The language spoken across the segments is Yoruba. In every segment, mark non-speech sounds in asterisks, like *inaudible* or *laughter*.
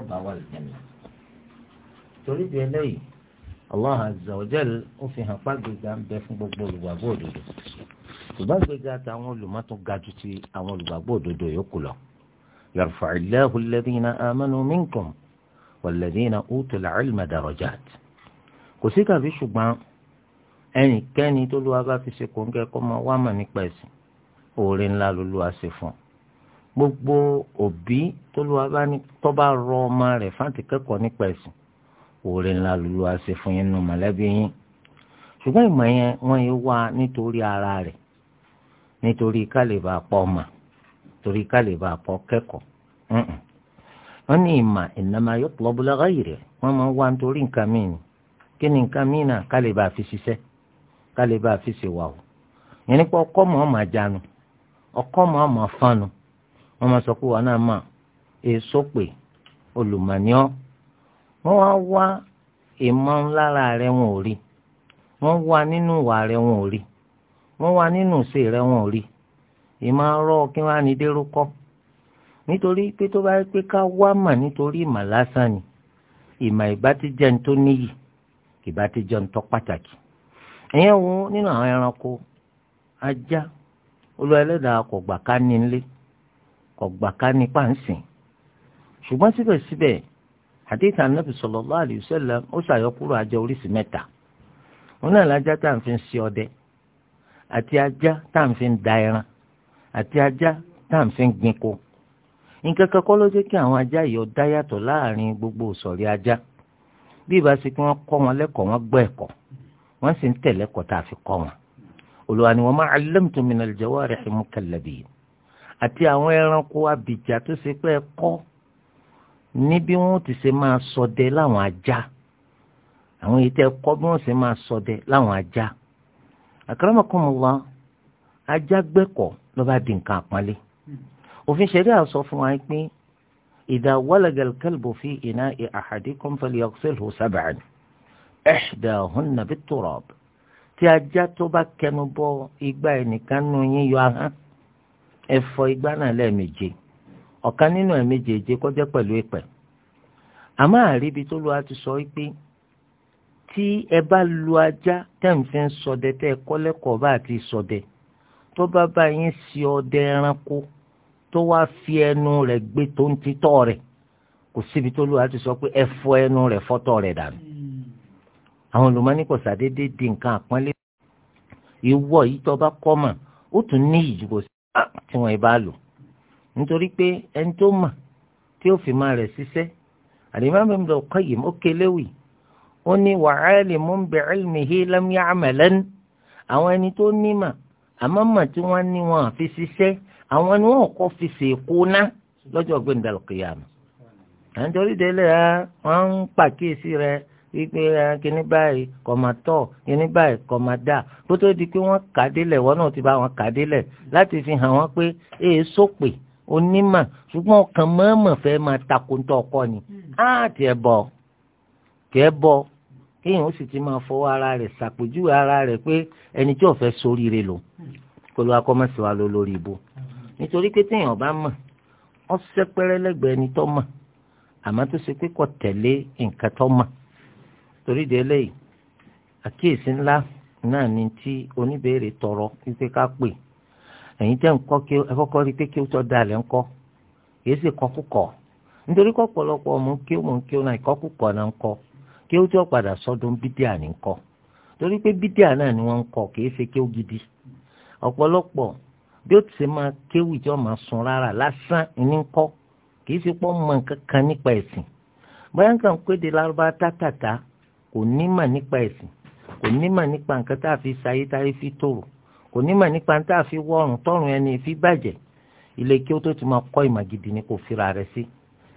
ọba wà lẹ́nu. torí di eléyìí Allah azza wa jal ó fi hàn pàgbéga ń bẹ fún gbogbo olùgbàgbọ́ òdodo ìbágbéga táwọn olùmọ́tò ga jù ti àwọn olùgbàgbọ́ òdodo yòókù lọ. yarfa'illahu alladhina amanu minkum walladhina utul ilma darajat. kò sí kàbí ṣùgbọ́n ẹnikẹ́ni tó lù wá bá fi ṣe kóńgẹ́ kọ́ máa wá nípa ẹ̀sìn oore ńlá ló lù wá ṣe fún un gbogbo òbí tólúwa bá ní tó bá rọ ọmọ rẹ̀ fáǹtì kẹ́kọ̀ọ́ nípa ẹ̀sìn òòrè ńlá lulú àṣẹ fún yín nù mọ̀lẹ́bí yín ṣùgbọ́n ìmọ̀ yẹn wọ́n yé wá nítorí ara rẹ̀ nítorí kálíbà pọ̀ mà torí kálíbà pọ̀ kẹ́kọ̀ọ́ wọ́n ní ìmọ̀ ìnáma yóò pọ̀ búlọ́gà yìí rẹ̀ wọ́n máa wá nítorí nǹkan míì kí ni nǹkan míì kálíbà fi ṣiṣẹ́ kálíbà fi ṣèwà o ìyẹn nípa ọkọ́ mọ̀ ọ́ máa jánu ọkọ́ mọ̀ fánu wọ́n máa sọ pé wà náà mà èso pè olùmọ̀nìọ́ wọ́n wá wá ìmọ̀ lára rẹ̀ wọn ò rí wọ́n wá nínú ìwà rẹ̀ wọn ò rí wọ́n wá nínú ìṣe rẹ̀ wọn ò rí ìmọ̀ rọ kí wọ́n á ní dérú kọ́ nítorí pé tó bá pé ká wá mà nítorí ìmọ̀ lásán ni ìmọ̀ ìbá ti jẹ́ ní tó níyì ìbá ti jẹ́ ní tó pàtàkì ìyẹn wo nínú àwọn ẹranko ajá olú ẹlẹ́dàá kò gbà ká ní nílé ọ̀gbà ká nípa ń sìn ṣùgbọ́n síbẹ̀síbẹ̀ hadith anabi sallallahu alayhi wa sallam ó ṣàyọkúrò ajá oríṣi mẹ́ta wọn náà lájá tá à ń fi ṣe ọdẹ àti ajá tá à ń fi da ẹran àti ajá tá à ń fi gbinko nǹkan kan kọ́ ló jẹ́ kí àwọn ajá yìí ó dá yàtọ̀ láàrin gbogbo ìsọ̀rí ajá bí ìbá ṣe kí wọ́n kọ́ wọn lẹ́kọ̀ọ́ wọn gbọ́ ẹ̀kọ́ wọ́n sì ń tẹ̀lẹ́kọ̀ọ́ tá a fi kọ́ wọn Olúwa ni wa ma allamtum min al-jawarihi mukallabin àti àwọn ẹranko abìjà tó ṣe pé ẹ kọ́ ní bí wọ́n ti ṣe máa ṣọdẹ láwọn ajá àwọn èyí tẹ́ kọ́ bí wọ́n ṣe máa ṣọdẹ láwọn ajá akramakumullah ajá gbẹ́kọ̀ ló bá di nǹkan àpọ́nlé òfin ṣẹ̀ríà sọ fún wa pé idha walaga al-kalbu fi ina'i ahadikum falyaghsilhu sab'an ihdahunna bit-turab tí ajá tó bá kẹnu bọ igbá ẹnìkan nù yín yọ ahọ́n ẹ fọ igbá náà lẹ́ẹ̀méje ọ̀kan nínú ẹ̀ méjèèje kọjá pẹ̀lú ìpẹ́ àmọ́ àríbi tó lu a ti sọ wípé tí ẹ bá lu ajá tẹ̀ ń fi ń ṣọdẹ tẹ́ ẹ kọ́lẹ́kọ̀ọ́ bá àti ṣọdẹ tó bá bá yín sí ọdẹ ẹranko tó wá fi ẹnu rẹ̀ gbé tó ń titọ́ rẹ̀ kò síbi tó lu a sọ pé ẹ fọ ẹnu rẹ̀ fọ́tọ̀ rẹ̀ dànù àwọn olùmọ́ni sàdédé di nǹkan àpọ́nlé ìwọ yìí tó bá kọ́ mọ̀ ó tún ní ìdìbò tí wọ́n bá lò nítorí pé ẹni tó mà tí ó fi máa rẹ̀ ṣiṣẹ́ àdìmọ́bí mi lọ kọ́ yìí ó kéléwì ó ní wàhálì mú bí ẹlmìhí lámìá àmàlẹ́nu àwọn ẹni tó ní mà àmọ́ mà tí wọ́n ní wọn fi ṣiṣẹ́ àwọn ni wọn kọ́ fi ṣèkó ná lọ́jọ́ gbẹ̀ndàlùkìyàmù à ẹ wọ́n ń pàkíyèsí rẹ̀ wípé ah, kíní báyìí kọ̀mátọ̀ kíní báyìí kọ̀mádà kó tó di pé wọ́n kà délẹ̀ wọ́n náà ti bá wọn kà délẹ̀ láti fi hàn wọ́n pé èé sópè onímọ̀ ṣùgbọ́n ọkàn mọ́ọ̀mọ̀ fẹ́ máa takuntọ̀ ọkọ ni hmm. á tiẹ̀ bọ̀ kẹ́ bọ̀ kéèyàn ó sì ti máa fọwọ́ ara rẹ̀ ṣàpèjúwe ara rẹ̀ pé ẹni tí ò fẹ́ soríire lò hmm. kó ló akọ́mọ̀sí wa lọ lórí ibo hmm. nítorí pé téèyàn bá mọ̀ ọ́ sẹ́pẹ́rẹ́ lẹ́gbẹ̀ẹ́ ẹni tó mọ̀ àmọ́ tó ṣe pé kò tẹ̀lé nǹkan tó mọ̀ torí de eléyìí àkíyèsí ńlá náà ni tí oníbèrè tọrọ wípé ká pè ẹ̀yin tẹ́ ń kọ́ kí ẹ kọ́kọ́ rí pé kí ó tọ́ da lẹ́ ń kọ́ kìí sì kọ́ kúkọ́ nítorí kọ́ pọ̀lọpọ̀ kí kí náà padà sọ́dún bídíà ní kọ́ torí pé bídíà náà ni gidi ọ̀pọ̀lọpọ̀ bí ó ti ṣe máa kéwì máa sun rárá lásán ní kọ́ kìí pọ́ kò nímọ̀ nípa ẹ̀sìn kò nímọ̀ nípa nǹkan tá a fi ṣayé táyé fi tòrò kò nímọ̀ nípa tá a fi wọ́ọ̀rùn tọ́rùn ẹni fi bàjẹ́ ilé kí ó tó ti máa kọ́ ìmọ̀ gidi ni kò fira rẹ̀ sí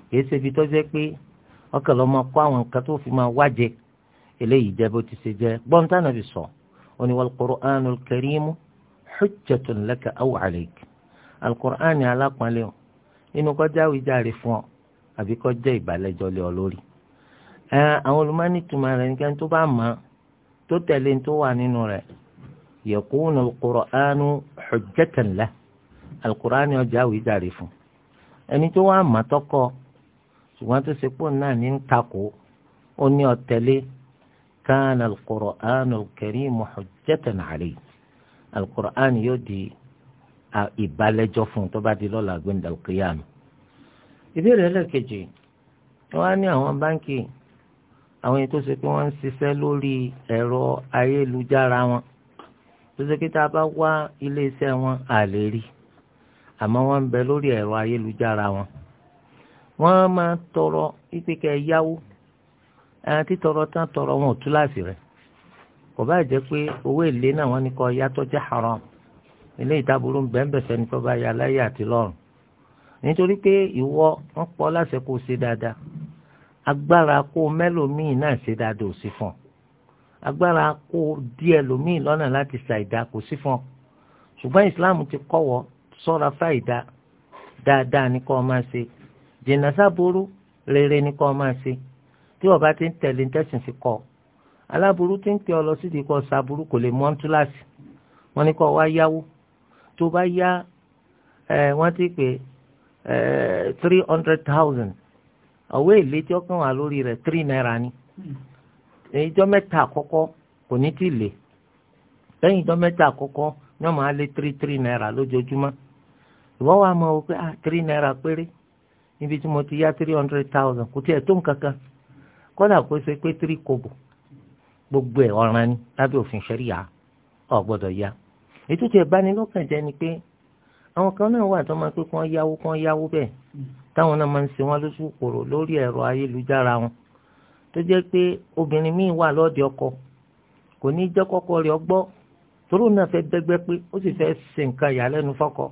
kì í ṣe ibi tó jẹ́ pé ọkàn lọ́ máa kọ́ àwọn nǹkan tó fi máa wájẹ eléyìí jẹ́ bó ti ṣe jẹ́ gbọ́ntànà fi sọ ó ní wal Qur'anul Karimu hujjatun laka aw alayk àwọn olùmọ́ni tuma rẹ̀ nìkan tó bá mọ̀ tó tẹ̀lé tó wà nínú rẹ̀ yakunu al-Qur'anu hujjatan lah al-Qur'ani ọjà àwíjàre fún ẹni tó wà mọ̀ tọkọ ṣùgbọ́n tó ṣe pọ̀ náà ní takò ó ní ọ̀tẹ̀lé kana al-Qur'anu al-Karimu hujjatan yóò di ìbálẹ́jọ́ fún tó bá di lọ́la gbẹ̀ndàlùkìyàmù ìbéèrè ẹlẹ́kejì wọ́n á ní àwọn báńkì àwọn èyí tó ṣe pé wọ́n ń ṣiṣẹ́ lórí ẹ̀rọ ayélujára wọn tó ṣe pé tá a bá wá iléeṣẹ́ wọn à lè rí àmọ́ wọ́n ń bẹ lórí ẹ̀rọ ayélujára wọn wọ́n máa tọrọ pípẹ́kẹ́ yáwó títọrọ tán tọrọ wọn ò tú rẹ̀ kò bá jẹ́ pé owó èlé náà wọ́n ní kọ́ yàtọ̀ jẹ́ haram ilé ìtaburú ń bẹ́ẹ̀ bẹ̀sẹ̀ ní tó bá yà láyé àti lọ́rùn nítorí pé ìwọ wọn pọ̀ láṣẹ kó ṣe dáadáa agbára kó mẹ́lòmíì náà ṣe dáadáa ò sí fún ọ agbára kó dí ẹlòmíì lọ́nà láti ṣàìdá kò sí fún ọ ṣùgbọ́n Islam ti kọ́wọ́ sọ́ra fàìdá dáadáa ní kọ́ máa ṣe jìnnà sábúrú rere ní kọ́ máa ṣe tí ọba ti ń tẹ̀lé tẹ̀sìn fi kọ́ aláburú ti ń pè ọ lọ sídìí kọ́ sábúrú kò lè mọ́ túláàsì wọ́n ní kọ́ wá yáwó tó bá yá wọ́n ti pè three hundred thousand ọwọ́ èlé tí ọkàn wà lórí rẹ̀ three naira ni ìjọ́ mẹ́ta àkọ́kọ́ kò ní tí ì lè lẹ́yìn ìjọ́ mẹ́ta àkọ́kọ́ ní ọmọ alẹ́ three three naira lójoojúmọ́ ìwọ wa mọ̀ pé ah three péré níbi tí mo ti yá three hundred thousand kò tiẹ̀ tó nǹkan kan kódà kó ṣe pé three kobo gbogbo ẹ̀ ọ̀ràn ni lábẹ́ òfin ṣẹ́ríyà ọ̀ gbọ́dọ̀ yá ètò tí ẹ̀ bá ní lọ́kàn jẹ́ ni pé àwọn kan náà wà tó máa pé kán yáwó kán yáwó bẹ́ẹ̀ táwọn náà máa ń ṣe wọn lóṣù kòrò lórí ẹ̀rọ ayélujára wọn tó jẹ́ pé obìnrin míì wà lọ́ọ̀dì ọkọ kò ní jẹ́ kọ́kọ́ rẹ̀ ọgbọ́ toró náà fẹ́ dẹ́gbẹ́ pé ó sì fẹ́ ṣe nǹkan ìyàlẹ́nu fọ́kọ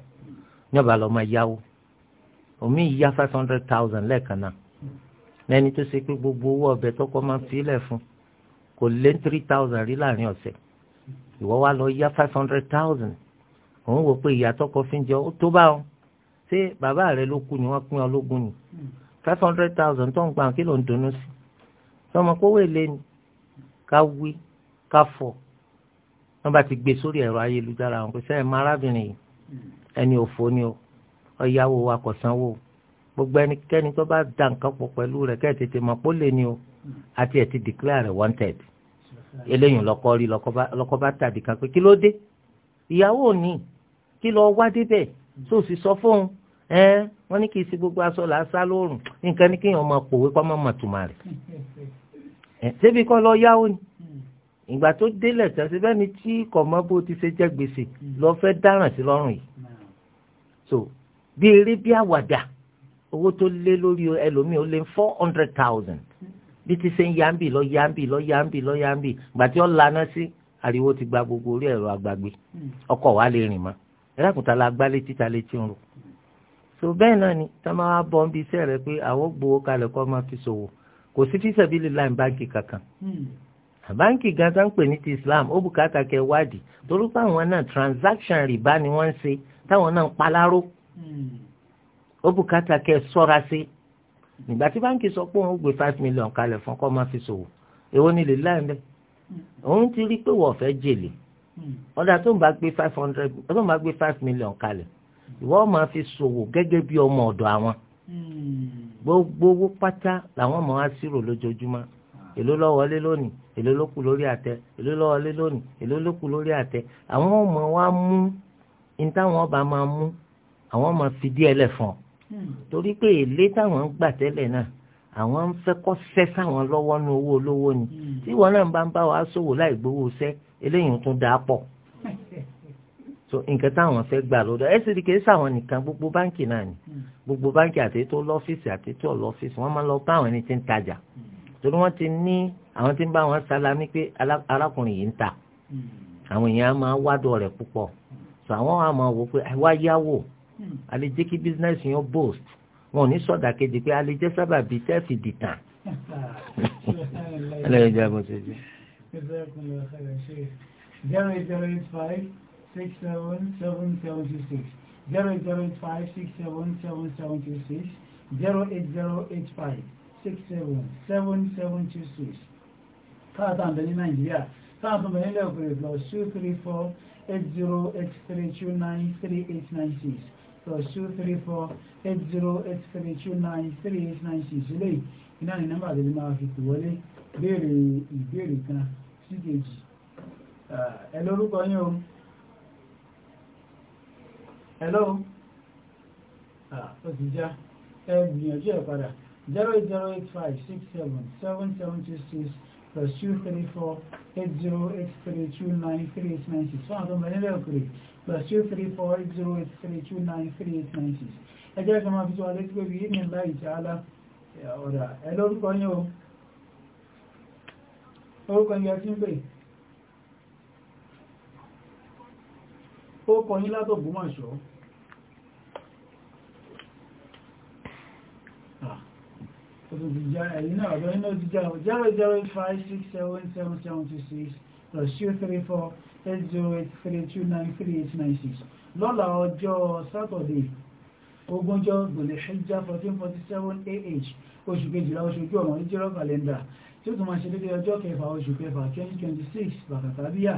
nígbà lọ́ọ́ máa yáwó omi yá five hundred thousand lẹ́ẹ̀kan náà lẹ́ni tó ṣe pé gbogbo owó ọbẹ̀ tọkọ máa ń filẹ̀ fún kò lé three thousand rí láàrin ọ̀sẹ̀ ìwọ wá lọ yá five hundred thousand òun wò pé ìyá tọkọ fi ń jẹ ó tó bá ọ ṣé bàbá rẹ ló kú ni wọ́n pín ọlógún ni hmm. five hundred thousand tó ń gbà kí ló ń dunnú sí sọmọ kówó èlé ni ká wí ká fọ wọ́n bá ti gbé sórí ẹ̀rọ ayélujára wọn pé sẹ́yìn máa arábìnrin yìí ẹni òfò ni o ọ̀yàwó wa kò sanwó gbogbo ẹnikẹ́ni tó bá da nǹkan pọ̀ pẹ̀lú rẹ̀ kẹ́ ẹ̀ tètè mọ̀ pé ó lè ní o àti ẹ̀ ti declare wanted eléyìí lọ́kọ́ rí lọ́kọ́ bá tàbí kan pé kí ló dé ìyàwó ni kí lọ wá débẹ̀ tó sì sọ fóun ẹ́n wọ́n ní kì í sí gbogbo aṣọ là á sá lóòrùn nǹkan ní kéèyàn máa pòwe kọ́ máa máa tùmọ̀ rẹ̀ ẹ̀ débi kọ́ lọ yáwó ni ìgbà tó délẹ̀ tán bẹ́ẹ̀ ni tí kò mọ bó ti ṣe jẹ́ gbèsè lọ fẹ́ dáràn sí lọ́rùn yìí so bí eré bí àwàdà owó tó lé lórí ẹlòmíì ó lé four hundred thousand bí ti ṣe ń yáǹbì lọ yáǹbì lọ yáǹbì lọ yáǹbì gbàtí ó lana sí ariwo ti gba gbogbo orí ẹ̀rọ agbagbe ọkọ̀ wa lè rìn mọ́ ẹ̀rákùtà la gbá létí ta létí ń rò so bẹ́ẹ̀ náà ni tá máa bọ́ ń bi iṣẹ́ rẹ pé àwọn gbowó kalẹ̀ kọ́ máa fi ṣòwò kò sí fíṣẹ̀bílì láì báńkì kankan hmm. báńkì gan ń pè ní ti Islam ó bùkátà kẹ wádìí torí àwọn náà transaction rìbá ni wọ́n ń ṣe táwọn náà ń paláró hmm. ó bùkátà kẹ sọ́ra sí nígbà tí báńkì sọ pé òun gbé five million kalẹ̀ fún kọ́ máa fi ṣòwò èwo ni lè láì bẹ́ẹ̀ hmm. òun ti rí pé wọ́n fẹ́ jèlè ọ̀dà tó ń bá gbé five hundred tó ń bá gbé five million kalẹ̀ ìwọ máa fi ṣòwò gẹ́gẹ́ bí ọmọ ọ̀dọ̀ àwọn gbogbo owó pátá làwọn ọmọ wa ṣírò lójoojúmọ́ èló ló wọlé lónìí èló ló kù lórí àtẹ èló ló wọlé lónìí èló ló kù lórí àtẹ àwọn ọmọ wa mú ní táwọn ọba máa mú àwọn ọmọ fi díẹ̀ lẹ̀ fún ọ hmm. torí pé èlé táwọn gbà tẹ́lẹ̀ náà àwọn ń fẹ́ kọ́ sẹ́ sáwọn lọ́wọ́ nu owó olówó ni hmm. tí wọn náà bá ń bá wa ṣòwò láì gbowó sẹ́ eléyìí tún dáa pọ̀ *laughs* so nǹkan táwọn fẹ́ gbà lọ́dọ̀ ẹ̀ sì kìí sáwọn nìkan gbogbo báǹkì náà ni hmm. gbogbo báǹkì àtẹ́tọ́ lọ́fíìsì àtẹ́tọ́ lọ́fíìsì wọ́n máa lọ bá àwọn ẹni tí ń tajà hmm. torí wọ́n ti ní àwọn tí ń bá wọn salami pé arákùnrin yìí ń ta àwọn èèyàn á máa wádọ̀ rẹ̀ púpọ̀ so àwọn á máa wò pé wá yáwó àlejò kí bísínẹ́sì yẹn boost wọn ò ní sọ̀dà kejì pé alẹ́ jẹ́ sábà bíi tẹ́ fi dìtàn. *laughs* ẹlẹ́yìn jẹ́ bó ṣe jẹ́. zero zero eight five six seven seven seven two six zero zero eight five six seven seven seven two six zero eight zero eight five six seven seven seven two six káàtà ń bẹ ní nàìjíríà káàtà ń bẹ nílẹ̀ òkèèrè plus two three four eight zero eight three two nine three eight nine six plus two three four eight zero eight three two nine three eight nine six eléyìí iná ní nọ́mbà àgbẹ̀lẹ̀ máa fi pè wọlé béèrè ìbéèrè kan sí kejì ẹ lórúkọ yín o hello ó ti já ẹ gbìyànjú ẹ padà zero eight zero eight five six seven seven seven two six plus two three four eight zero eight three two nine three eight nine six fún àwọn ọmọ ẹlẹ́dẹ̀ẹ́kùrẹ́ plus two three four eight zero eight three two nine three eight nine six ẹ jẹ́ kí n máa fi tó alẹ́ tí pé bí ní ìlà ìtàlá ọ̀dà ẹ lórúkọ yín o orúkọ yín ẹtí ń pè ó kọ yín látọ̀gbọ́mọ̀ṣọ́ Òtùtù ìjà ẹ̀yìn náà ọ̀dọ́ iná ti jà 00856777726 plus three four zero eight three two nine three eight nine six lọ́la ọjọ́ sátọ̀dẹ̀ ogúnjọ́ gbèlè ṣíjá fourteen forty seven ah oṣù kejìlá oṣù ojú ọ̀nà ìjírọ̀ kàlẹ́ndà tí ó tún máa ṣe dédé ọjọ́ kẹfà oṣù kẹfà twenty twenty six bàkàtàbíyà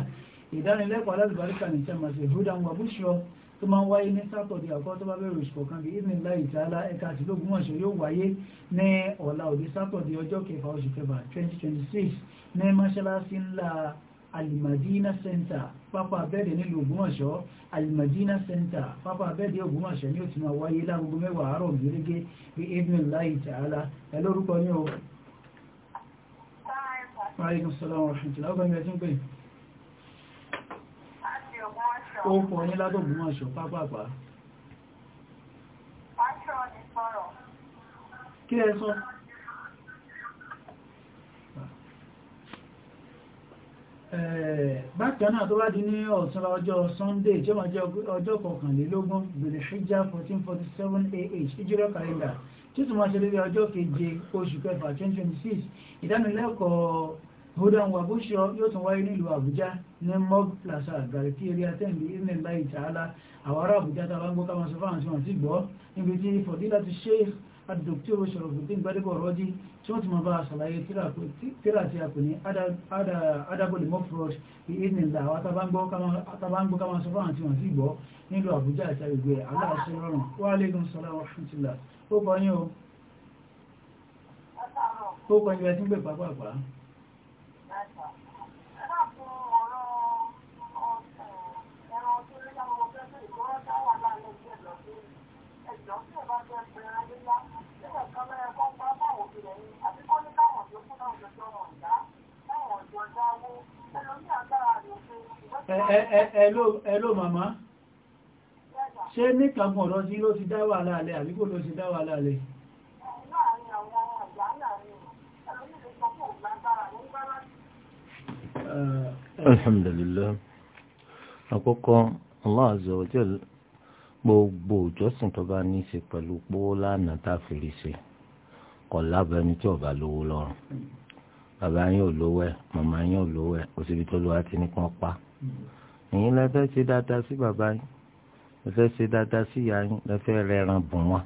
ìdánilẹ́kọ̀ọ́ alábìbáríkà ní sẹ́mà sí hudan wa bushra tó máa ń wáyé ní sátọ̀dẹ̀ àkọ́ tó bá bẹ̀rẹ̀ oṣù kọ̀ọ̀kan bí ìdílé láì tààlà ẹ̀ka àti lógúnmọ̀ṣẹ́ yóò wáyé ní twenty twenty six ní mọ́ṣáláṣí ńlá alimadina center pápá abẹ́ẹ̀dẹ̀ nílùú ògbómọ̀ṣọ́ alimadina center pápá abẹ́ẹ̀dẹ̀ ògbómọ̀ṣọ́ ni ó ti máa wáyé lágogo mẹ́wàá àárọ̀ gírígé bí ibn láì tààlà ẹ lórúkọ ní o. maaleykum salaam wa rahmatulah ọgbà mi ẹ ti ń pè. ó kọ ní látọ̀ ògbómọ̀ṣọ́ pápápá. kí ẹ sọ. Eh, bákan náà tó bá di ní ọ̀sán ọjọ́ sunday tí ó máa jẹ́ ọjọ́ kọkànlélógún gbèrè hijab fourteen forty seven ah ìjírọ̀ kàlẹ́ndà tí ó tún máa ṣe lórí ọjọ́ keje oṣù kẹfà twenty ìdánilẹ́kọ̀ọ́ hudan wabusho yóò tún wáyé nílùú àbújá ní mob plaza gàrìtì eré atẹ́ǹdì ilẹ̀ láì tààlà àwọn ará àbújá tá a bá ń gbọ́ ká sọ fáwọn tí wọ́n ti gbọ́ níbi tí fọ̀dílà ti ṣe الدكتور شرف الدين بارك وروجي شوت ما بقى صلاحي ترى تياكوني أدا أدا أدا بول مفروش بإذن الله وتبانبو كما تبانبو كما سبحانه وتعالى سيبو نيلو أبو جاء تايبوي الله سبحانه وعليكم السلام ورحمة الله ó kọ́ yín o ó kọ́ yín ẹ ti ń gbé pàápàá Hello màmá ṣé nìkan fún ọ̀rọ̀ sí ló ti dá wà láàlẹ́ àbí kò ló ti dá wà alhamdulillah àkọ́kọ́ Allah azza wa jal gbogbo ìjọsìn tó bá ní í ṣe pẹ̀lú pówó lánàá tá a fèrè ṣe kọ̀ lábẹ́ni tí ọba lówó lọ́rùn bàbá yín ò lówó ẹ̀ màmá yín ò lówó ẹ̀ òsibítọ́lù ti ní kí pa Mm. ẹ̀yin lẹ fẹ́ ṣe dáadáa sí bàbá yín lẹ fẹ́ ṣe dáadáa sí ìyá yín lẹ fẹ́ rẹran bùn wọn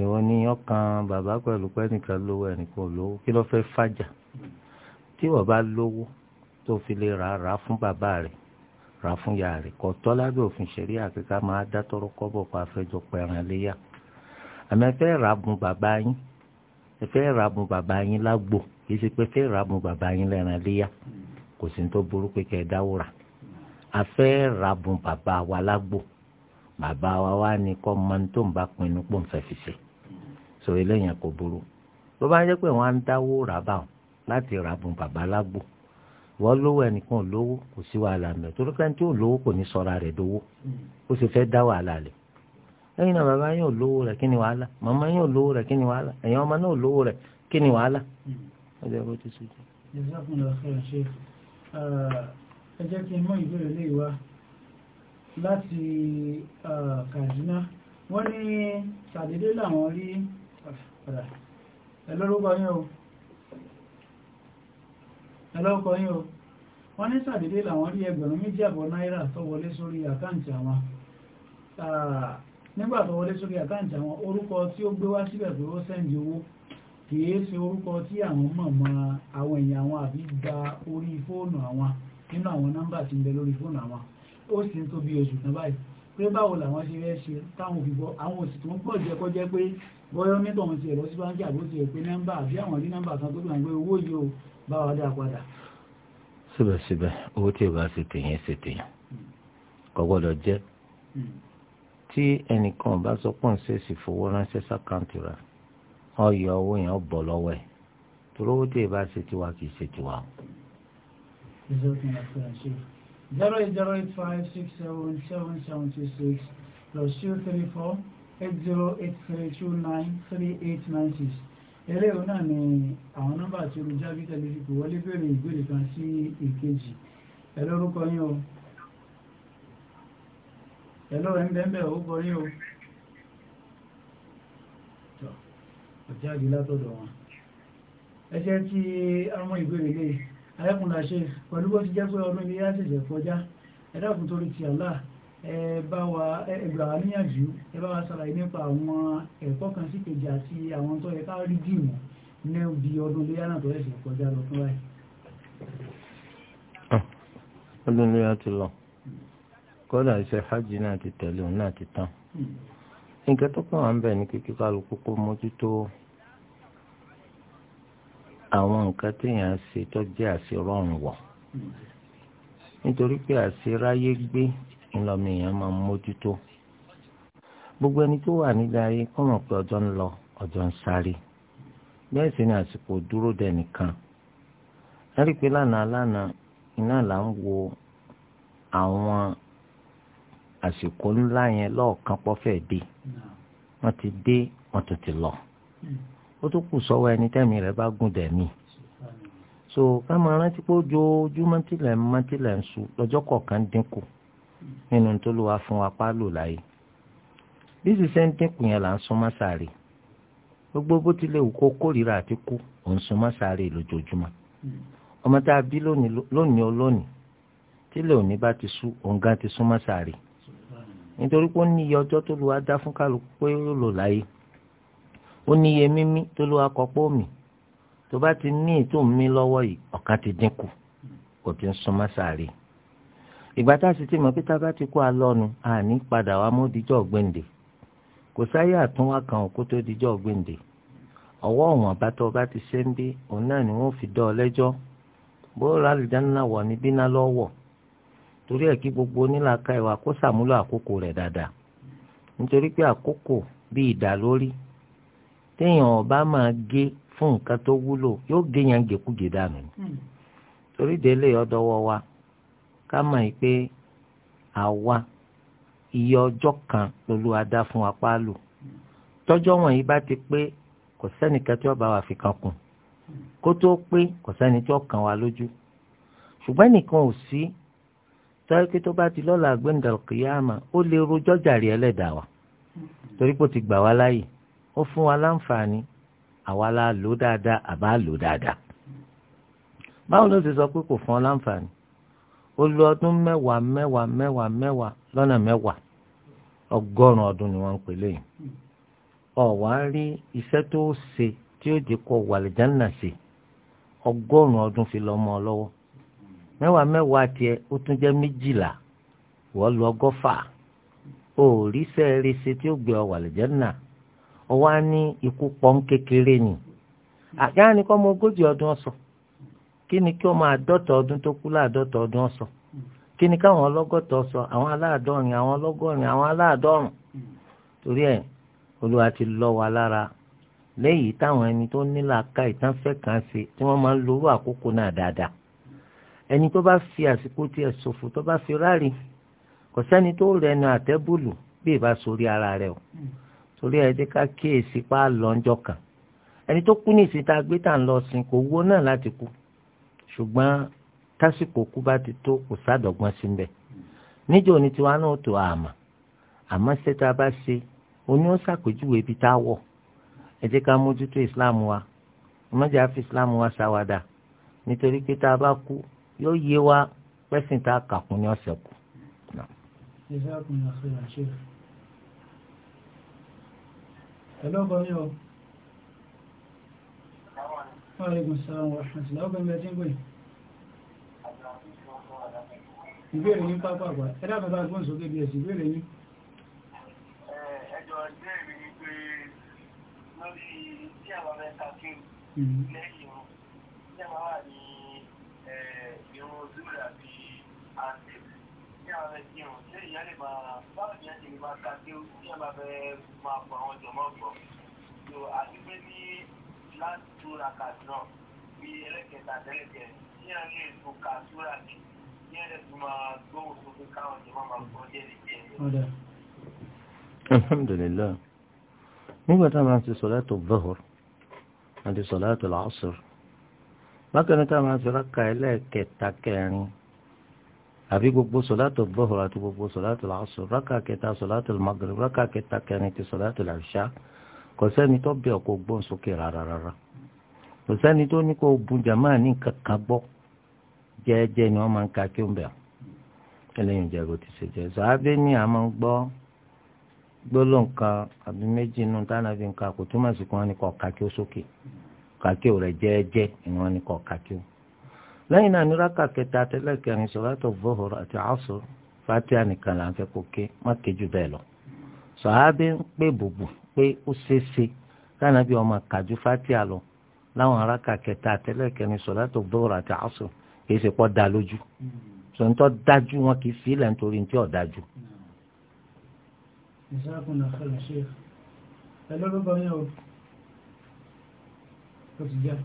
ìwọ ni ọkàn bàbá pẹ̀lú pẹ́nìkan lówó ẹnìkan lówó kí ló fẹ́ fàjà tí wọ́n bá lówó tó fi lè rà rà fún bàbá rẹ̀ rà fún ìyá rẹ̀ kò tọ́ lábẹ́ òfin ṣẹ̀rí àkíká máa dá tọrọ kọ́bọ̀ pa àfẹjọ pẹ̀ràn léyà àmọ́ ẹ rà bùn bàbá yín ẹ rà bùn bàbá yín lágbo kì í ṣe pé fẹ́ rà bùn bàbá yín lẹ́ràn léyà kò sí tó burú pé kẹ́ ẹ dáwó rà a fẹ́ ra bùn bàbá wa lágbo bàbá wa wá ní kọ́ máa ń tó ń bá pinnu pò ń fẹ́ fi ṣe sọ eléyàn kò burú ló bá ń jẹ́ pé wọ́n á ń dáwó rà bá wọn láti ra bùn bàbá lágbo wọ́n lówó ẹnìkan lówó kò sí wàhálà mẹ́ torí pé tí ò lówó kò ní sọra rẹ̀ dówó ó sì fẹ́ dá wàhálà lẹ̀ lẹ́yìn náà bàbá yóò lówó rẹ̀ kí ni wàhálà màmá yóò lówó rẹ̀ kí ni wàhálà ẹ̀yin ọmọ náà lówó rẹ̀ kí ni wàhálà. ọjọ́ ìbò ti sùn jù ẹ jẹ́ kí n mọ ìbéèrè lè wá láti Kaduna wọ́n ní ṣàdédé làwọn rí padà ẹ lórúkọ yín o ẹ lórúkọ yín o wọ́n ní ṣàdédé làwọn rí ẹgbẹ̀rún méjì àbọ̀ náírà tó wọlé sórí àkáǹtì àwọn nígbà sórí àkáǹtì àwọn orúkọ tí ó gbé wá síbẹ̀ pé ó owó kìí ṣe orúkọ tí àwọn mọ̀mọ́ àwọn èèyàn àwọn àbí gba orí fóònù àwọn nínú àwọn nọ́mbà tí ń bẹ lórí fóònù àwọn ó sì ń tó bí oṣù kan báyìí pé báwo làwọn ṣe fẹ́ ṣe táwọn òfin bọ́ àwọn òsì tó ń pọ̀ jẹ́ kọjẹ́ pé bọ́yọ́ mẹ́tọ̀ wọn ti ẹ̀rọ sí báńkì àbó ti ẹ̀ pé nọ́mbà àbí àwọn rí nọ́mbà kan tó gbà ń gbé owó yìí ó bá wa dá padà. síbẹ̀síbẹ̀ owó tí o ṣe tèyàn ṣe tèyàn kò gbọ́dọ̀ jẹ́ hmm. tí ẹnìkan bá sọ pọ̀ sì fowó ránṣẹ́ sákàǹtì rẹ̀ ọyọ owó yẹn bọ̀ lọ́wọ́ ẹ̀ torí owó tẹ̀ bá ṣe tiwa kì í ṣe tiwa. zero eight zero eight five six seven seven seven two six plus two three four eight zero eight three two nine three eight nine six eléyìí náà ni àwọn nọ́mbà tí olùjábí tẹ̀lé fi kò wọlé béèrè ìbéèrè kan sí ìkejì ẹ lórúkọ yín o ẹ lọ́rọ̀ ń bẹ́ẹ̀ bẹ́ẹ̀ ó kọ yín o. jáde látọ̀dọ̀ wọn ẹ jẹ́ kí ọmọ ìbéèrè lè ayẹ́kùnlá ṣe pẹ̀lú bó ti jẹ́ pé ọdún ilé yá ṣẹ̀ṣẹ̀ kọjá ẹ dákun torí ti Allah ẹ bá wa ẹgbà wa níyànjú ẹ bá wa ṣàlàyé nípa àwọn ẹ̀kọ́ kan sí kejì àti àwọn tó yẹ ká rí dìmọ̀ ní bí ọdún ilé yá náà tó ṣẹ̀ṣẹ̀ kọjá lọ fún wáyé. Ah, ọdún ilé yá ti lọ kódà iṣẹ́ hajj náà ti tẹ̀lé òun náà ti tán. Hmm. nke tó kàn wá ń kíkí kálukú kó mójútó àwọn nǹkan téèyàn ṣe tó jẹ́ àṣírọ́rùn wọ̀ nítorí pé àṣíráyé gbé ńlọmọ èèyàn máa gbogbo ẹni tó wà nílé ayé kọ́ mọ̀ pé ọjọ́ ń lọ ọjọ́ ń sáré bẹ́ẹ̀ sì ni àsìkò dúró dẹ nìkan ẹ rí i pé lánàá lánàá iná àsìkò ńlá yẹn lọ́ọ̀kan pọ́fẹ́ dé wọ́n ti dé wọ́n tún ti lọ. ó tún kù sọ́wọ́ ẹni tẹ́mi rẹ̀ bá gùn dẹ̀mí. so ká máa rántí pé ojoojúmọ́ tilẹ̀ ń mọ́ tilẹ̀ ń su lọ́jọ́ kọ̀ọ̀kan dínkù nínú tó lù wá fún apá lò láyé. bí sísẹ́ ń dínkù yẹn là ń sún mọ́ sáré gbogbo bó tilẹ̀ wù kó kórìíra àti kú òun sún mọ́ lójoojúmọ́. ọmọ tá a bí lónìí olónìí tílẹ̀ òní bá ti sú òun ti sún mọ́ nítorí pé ó ní iye ọjọ́ tó lu adá fún kálukú pé ó lò láyé ó ní iye mímí tó lu akọ̀pọ̀ mi tó bá ti ní ètò mi lọ́wọ́ yìí ọ̀kan ti dínkù kò ti ń súnmọ́ sáré ìgbà tá a sì ti mọ̀ pé tá a bá ti kó a lọ́nu àní padà wá mú díjọ́ gbèǹde kò sáyé àtúnwá kan kó tó díjọ́ gbèǹde ọwọ́ ọ̀wọ́n àbátọ́ ọba ti ṣe ń bí òun náà ni wọ́n fi dọ́ ọ lẹ́jọ́ bó rà wọ̀ ní bíná lọ́wọ́ torí ẹ̀ kí gbogbo onílàka ìwà kó sàmúlò àkókò rẹ̀ dáadáa nítorí pé àkókò bí ìdá lórí téèyàn ọba máa gé fún nǹkan tó wúlò yóò gé yẹn gèkúgè dànù ni hmm. torí délé ọdọwọ wa ká mọ̀ yìí pé àwa iye ọjọ́ kan lolú adá fún wa páálù tọ́jọ́ wọ̀nyí bá ti pé kò sẹ́nìkan tí ọba wa fi kan kù hmm. kó tó pé kò sẹ́ni tí ọkàn wa lójú ṣùgbọ́n nìkan ò sí. Si, tọ́yọ́ pé tó bá ti lọ́la gbẹ̀ndàkìyàmà ó lè rojọ́ jàre ẹlẹ́dàá wa torí pé ó ti gbà wá láàyè ó fún wa láǹfààní àwa la lò dáadáa àbá lò dáadáa báwo ló ṣe sọ pé kò fún ọ láǹfààní ó lo ọdún mẹ́wàá mẹ́wàá mẹ́wàá mẹ́wàá lọ́nà mẹ́wàá ọgọ́rùn-ún ọdún ni wọ́n ń pè léyìn ọ̀wá rí iṣẹ́ tó ṣe tí ó jẹ́ kó wàlìjánà ṣe ọgọ́rùn ọdún fi lọ́mọ ọ mẹ́wàá mẹ́wàá tiẹ̀ ó tún jẹ́ méjìlá wọ́n lu ọgọ́fà ó rí sẹ́ẹ̀rẹ́sẹ̀ tí ó gbé ọ wà lẹ́jẹ̀nnà ó wá ní ikú pọ́n kékeré ni àgbáyà ni kọ́ ọmọ ogójì ọdún ọ̀sọ̀ kí ni kí ọmọ àádọ́ta ọdún tó kú láàdọ́ta ọdún ọ̀sọ̀ kí ni káwọn ọlọ́gọ́ta ọ̀sọ̀ àwọn aláàdọ́rin àwọn ọlọ́gọ́rin àwọn aláàdọ́rùn torí ẹ̀ olúwa ti lọ wa lára lẹ́yìn táwọn ẹni tó nílà ká ìtànfẹ́ kan ṣe tí wọ́n máa ń lo irú àkókò náà dáadáa ẹni tó bá fi àsìkò tiẹ̀ ṣòfò tó bá fi ráàrí kò sẹ́ni tó rẹnu àtẹ́bùlù bí ìbá sórí ara rẹ̀ o torí ẹ jẹ́ ká kíyèsí pa lọ́njọ́ kan ẹni tó kú ní ìsìta gbé tà ń lọ sin kò wó náà láti kú ṣùgbọ́n tásìkò kú bá ti tó kò sádọ́gbọ́n sí mbẹ́ níjọ́ ni tiwa náà tó àmà àmọ́ sẹ́ta bá ṣe oní ó ibi tá a wọ̀ ẹ jẹ́ mójútó ìsìláàmù wa ọmọdé àfi ìsìláàmù wa ṣàwádà nítorí pé tá a bá kú yóò yé wa pẹ́sìn tá a ní ọ̀sẹ̀ kù. Ìbéèrè yín pápá àgbà. Ẹ dábàá bá sókè bí ẹ̀sìn ìbéèrè yín. Ẹjọ́ ìjẹ́ mi ni pé lórí tí àwọn mẹ́ta kí hmm. lẹ́yìn tí àwọn wà alhamdulillah nígbà tá a máa ti sọ̀látù dhuhr àti sọ̀látù al-asr bákan náà máa fi rákà ẹlẹ́ẹ̀kẹta kẹrin àbí gbogbo sọ̀látò bọ́ọ̀rọ̀ àti gbogbo sọ̀látò làásù rákà kẹta sọ̀látò magrib rákà kẹta kẹrin ti sọ̀látò làṣà kò sẹ́ni tó bẹ̀ ọ̀kọ́ gbọ́n sókè rárá rárá kò sẹ́ni tó ní kó bun jàmáà ní kankan gbọ́ jẹ́ẹ́jẹ́ ni wọ́n máa ń ka kí ó bẹ̀ ẹlẹ́yìn ìjẹ́bù ti ṣe jẹ́ sàábẹ́ ni a máa ń gbọ́ gbólóǹkan àbí méjì nù kàkíw rẹ̀ jẹ́ẹ́jẹ́ ìwọ̀n ni kò kàkíw. lẹ́yìn náà níraka kẹta àtẹlẹ́kẹrin sọ̀rọ̀tò zuhur àti asr fatia nìkan là ń fẹ́ kó ké má ké jù bẹ́ẹ̀ lọ. sọ̀hábí ń pè bùbù pé ó ṣeéṣe kánàbí ọmọ kàjú fatia lọ láwọn araka kẹta àtẹlẹ́kẹrin sọ̀rọ̀tò zuhur àti asr kì ṣe pọ́ da lójú sọ̀ntọ́ dájú wọn kì í nítorí tí ò dájú. ìṣàkùnà ṣe ẹ yẹn o. 都一样。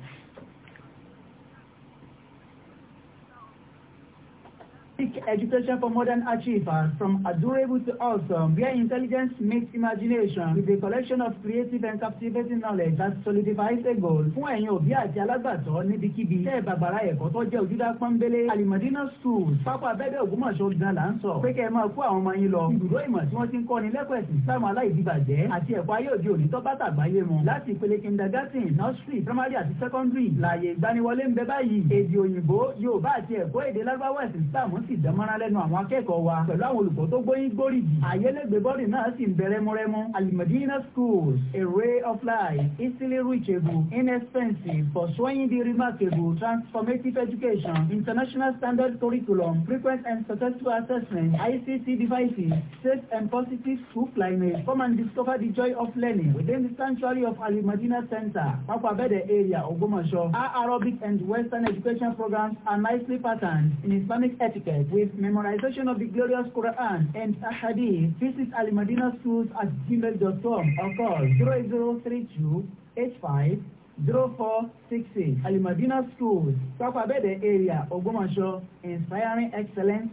seek education for modern achievers from adorable to awesome, where intelligence meets imagination with a collection of creative and captivating knowledge that solidifies a goal. Fún ẹ̀yin òbí àti alágbàtọ́ níbikíbi, ṣé bàbàrà ẹ̀kọ́ tó jẹ́ òjúdá pọ́nbélé? Alimadina schools, pápá abẹ́bẹ̀ Ògbómọ̀ṣọ́ gan la ń sọ. Pé kẹ́ ẹ máa kó àwọn ọmọ yín lọ. Ibùdó ìmọ̀ tí wọ́n ti ń kọ́ni lẹ́kọ̀ọ́ ẹ̀sìn sáwọn aláìdíbàjẹ́ àti ẹ̀kọ́ ayé òde òní tó bá tàgbáyé mu. Láti ìpele kindergarten, nursery, primary àti secondary, làyè ìgbaniwọlé ń bẹ báyìí. Èdè òyìnbó, Yorùbá àti ẹ̀kọ́ èdè lárúbáwá ẹ̀sìn sáàmù sì dánmọ́ra lẹ́nu àwọn akẹ́kọ̀ọ́ wa pẹ̀lú àwọn olùkọ́ tó gbóyìn gbóríjì àyélégbé bọ́ọ̀dì náà sì ń bẹ rẹ́múrẹ́mú alimadina schools a of light easily reachable inexpensive pursuing the remarkable transformative education international standard curriculum frequent and successful assessment ICT devices safe and positive school climate come and discover the joy of learning within the sanctuary of alimadina center pápá abẹ́dẹ̀ area Ògbómọ̀ṣọ́ our Arabic and Western education programs are nicely patterned in Islamic etiquette associated with memorization of the glorious Quran and Ahadith, visit Al Madina Schools at gmail.com or call 0032 85 0466. Al Madina Schools, Papa Bede area, Ogbomoso, inspiring excellence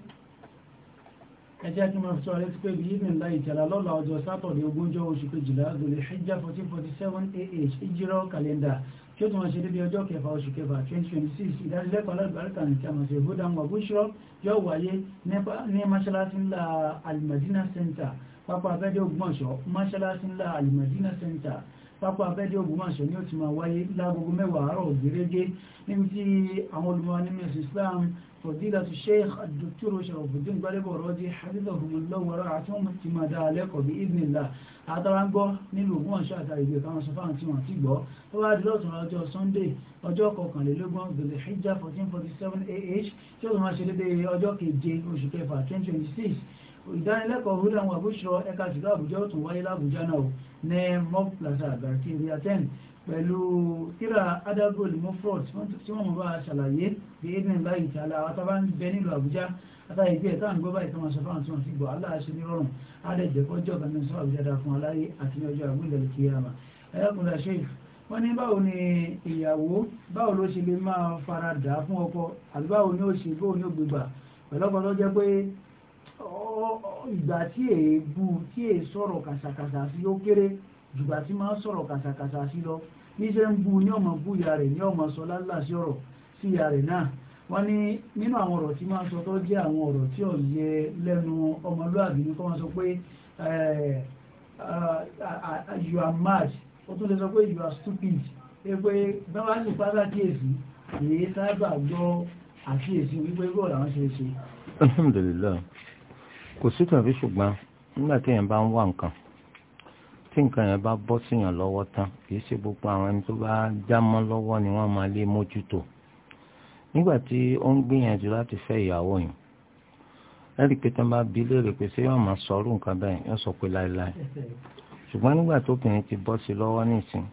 ẹ jẹ́ kí n máa sọ ẹ pé bí ibn láì jàlá lọ́la ọjọ́ sátọ̀dẹ̀ ogúnjọ́ oṣù kejìlá lórí hijjá 1447 ah ìjírọ̀ kàlẹ́ndà tí ó tún wọ́n ṣe débi ọjọ́ kẹfà oṣù kẹfà 2026 ìdánilẹ́kọ̀ọ́ alágbàríkà ní kàmàṣe hudan wa bushra yóò wáyé ní mọ́ṣáláṣí ńlá alimadina center pápá abẹ́dẹ́ ògbọ́nṣọ́ mọ́ṣáláṣí ńlá alimadina center pápá abẹ́dẹ́ ògbọ́nṣọ́ ni ó ti máa wáyé lágogo mẹ́wàá àárọ̀ gẹ́gẹ́ níbi tí àwọn olùmọ̀ فضيلة الشيخ الدكتور شرف الدين غالب ورودي حفظهم الله ورعاهم اعتمادا عليكم بإذن الله àtàrà ń gbọ́ nílùú ògùn ọ̀ṣọ́ àtàrí ìgbè kan sọ fáwọn tí wọ́n ti gbọ́ tó wá di lọ́tún ọjọ́ sunday ọjọ́ kọkànlélógún gbèlè hijab fourteen forty seven ah tí ó tún máa ṣe déédéé ọjọ́ keje oṣù kẹfà twenty twenty six ìdánilẹ́kọ̀ọ́ òhúdà àwọn àbúṣọ ẹ̀ka ṣùgbọ́n àbújá ó tún wáyé lábújá náà ní mob plaza àgbàkiri aten pẹ̀lú tíra adagol mofrod tí wọ́n mọ̀ bá ṣàlàyé bí edmund láyé tí aláwa tá bá ń bẹ nílùú àbújá látàrí bí ẹ̀ta ń gbọ́ báyìí tọ́mọ sọ fáwọn tí wọ́n ti gbọ́ aláàṣẹ nírọ̀rùn adẹ́jẹ̀kọ́jọ́ kan ní sọ́wọ́ àbújá dáa fún aláyé àti ní ọjọ́ àgbélẹ̀ kíyàmà ẹ̀yọ́kùnrin àṣẹ wọ́n ní báwo ni ìyàwó báwo ló ṣe lè máa fara dà fún ọkọ àti báwo ni ó ṣe bóun ní ògbégbà pẹ̀lọ́pọ̀ tó jẹ́ pé ìgbà tí èébú tí èé sọ̀rọ̀ kàṣàkàṣà sí ó kéré jùgbà tí máa sọ̀rọ̀ kàṣàkàṣà sí lọ níṣẹ́ ń bu ní ọmọ bú ìyá rẹ̀ ní ọmọ sọ láláṣí ọ̀rọ̀ sí ìyá rẹ̀ náà wọ́n ní nínú àwọn ọ̀rọ̀ tí máa ń sọ tó jẹ́ àwọn ọ̀rọ̀ tí ò yẹ lẹ́nu ọmọlúàbí ni kó máa sọ pé eh, eh, you are mad ó tún lè sọ pé you are stupid pé pé bá wá sì pátá kíyèsí èyí sábà gbọ́ àkíyèsí wípé bó làwọn ṣe ṣe. alhamdulilayi kò sí tàbí ṣùgbọ́n nígbà téèyàn bá ń wá nǹkan tí nǹkan yẹn bá bọ́ síyàn lọ́wọ́ tán kì í ṣe gbogbo àwọn ẹni tó bá já mọ́ lọ́wọ́ ni wọ́n máa lé mójútó nígbà tí ó ń gbìyànjú láti fẹ́ ìyàwó yìí lẹ́rìí pé tó ń bá bi léèrè pé ṣé yóò máa sọ̀rọ̀ nǹkan báyìí yóò sọ pé láéláé ṣùgbọ́n nígbà tó obìnrin ti bọ́ sí lọ́wọ́ nísìn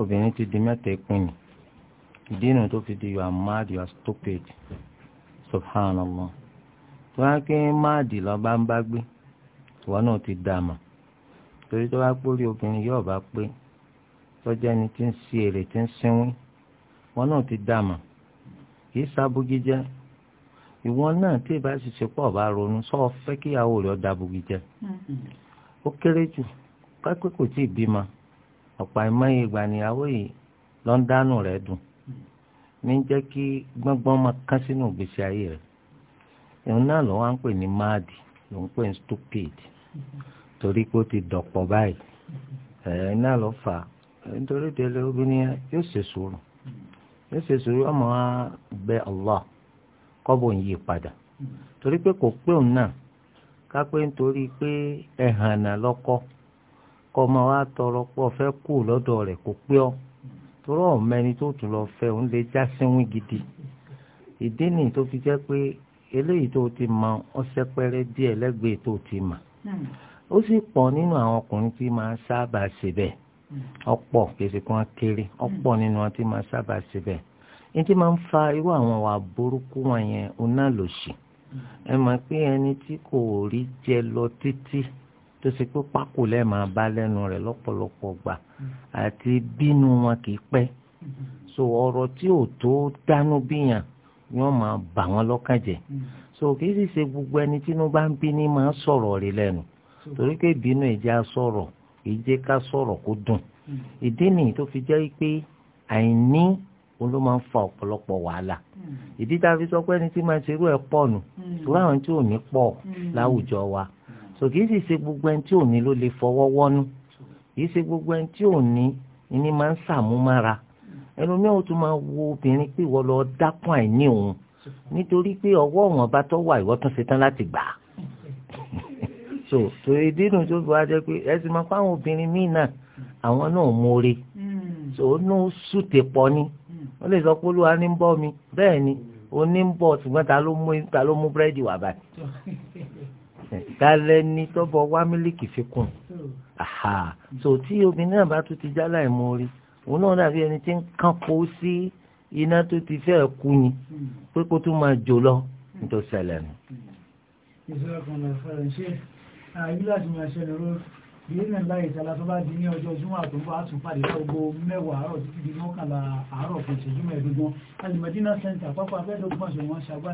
obìnrin ti di mẹ́ta ìpín ni ìdí ìrìn tó fi di you are mad you are stupid subhanallah tó wá pé máàdì lọ́ba ń bá gbé ìwọ náà ti dá a mọ̀. torí tó bá pórí obìnrin yóò bá pé tọ́jà ni ti ń si èrè ti ń sinwín wọn náà ti dà dàmà kì í sábúgi jẹ́ ìwọ náà tí ìbá sì ṣe pọ̀ bá ronú sọ fẹ́ kíyàwó rẹ̀ dàbùgì jẹ́ ó kéré jù kápẹ́ kò tí ì bímọ ọ̀pá àìmọye ìgbà níyàwó yìí ló ń dánù rẹ̀ dùn ní jẹ́ kí gbọ́ngbọ́n máa kán sínú ìgbésí ayé rẹ̀ ìhun náà ló wá ń pè ní máàdì ló ń pè ní stupid torí pé ti dọ̀pọ̀ báyìí ẹ̀ẹ́n náà lọ fà nítorí délé obìnrin yóò ṣe sùúrù yóò ṣe sùúrù ọmọ wa bẹ Allah ń yí padà torí pé kò pé òun náà ká pé nítorí pé ẹ̀hànà lọ́kọ́ kọ́ ọmọ wa tọrọ pọ̀ fẹ́ kú lọ́dọ̀ rẹ̀ kò pé ọ́ torọ́ ọ̀mẹ́ni tó tún lọ fẹ́ òun lè já gidi ìdí nìyí tó fi jẹ́ pé eléyìí tó ti mọ ọ́sẹ́pẹ́rẹ́ díẹ̀ tó ti ma. ó sì pọ̀ nínú àwọn ọkùnrin tí máa sábà ṣe bẹ́ẹ̀ ọ̀pọ̀ kèsì kan kéré ọ̀pọ̀ nínú wọn tí máa sábà ṣe bẹ́ẹ̀ ní tí máa ń fa irú àwọn wà burúkú wọn yẹn oná lòṣì ẹ mọ̀ pé ẹni tí kò rí jẹ lọ títí tó ṣe pé pákó lẹ́ẹ̀ máa bá lẹ́nu rẹ̀ lọ́pọ̀lọpọ̀ gbà àti bínú wọn kì pẹ́ so ọ̀rọ̀ tí ò tó dánú bíyàn ni máa bà wọ́n lọ́kàn jẹ́ so kì í sì ṣe gbogbo ẹni tí inú bá ń bí ní máa sọ̀rọ̀ rẹ̀ lẹ́nu torí pé ìbínú ìjà sọ̀rọ̀ ìjẹ́ ká sọ̀rọ̀ kó dùn ìdí nìyí tó fi jẹ́ pé àìní ló máa ń fa ọ̀pọ̀lọpọ̀ wàhálà ìdí tá a fi sọ pé ẹni tí máa ṣe irú ẹ̀ pọ̀ nù torí àwọn tí ò ní pọ̀ láwùjọ wa so kì í sì ṣe gbogbo ẹni tí ò ní ló lè fọwọ́ wọ́nú kì ṣe gbogbo ẹni tí ò ní ni máa ń ṣàmúmára ẹlòmíràn ó tún máa wo obìnrin pé ìwọ lọ dákun àìní òun nítorí pé ọwọ́ wọn bá tọ́ wà ìwọ tún ṣetán láti gbà á so tó ìdí nu tó bá jẹ́ pé ẹ sì máa fáwọn obìnrin míì náà àwọn náà mórí hmm. so inú sùtè pọ̀ ni hmm. wọ́n lè sọ pé olúwa ní ń bọ́ mi bẹ́ẹ̀ ni ó ní ń bọ̀ ṣùgbọ́n ta ló mú ta ló mú búrẹ́dì wá báyìí *laughs* ta lẹni tó bọ wá mílíkì fi kùn aha hmm. so tí obìnrin náà bá tún ti já láì mórí òun náà dàbí ẹni tí ń kánpo sí iná tó ti fẹ́ kú ni pé kó tún máa jò lọ nítorí ṣẹlẹ̀ nù. ìṣòro kan náà fara ṣe àyí ah, láti máa ṣẹlẹ̀ ró ìrìnà láì ìtàlá tó bá di ní ọjọ́ júmọ́ àtúnbọ̀ àtúnpàdé lágbó mẹ́wàá àárọ̀ títí di mọ́kànlá àárọ̀ fún ìṣẹ́jú mẹ́ẹ̀ẹ́dógún alìmọ̀dínà center pápá abẹ́dógún ọ̀ṣọ́ wọn ṣàgbà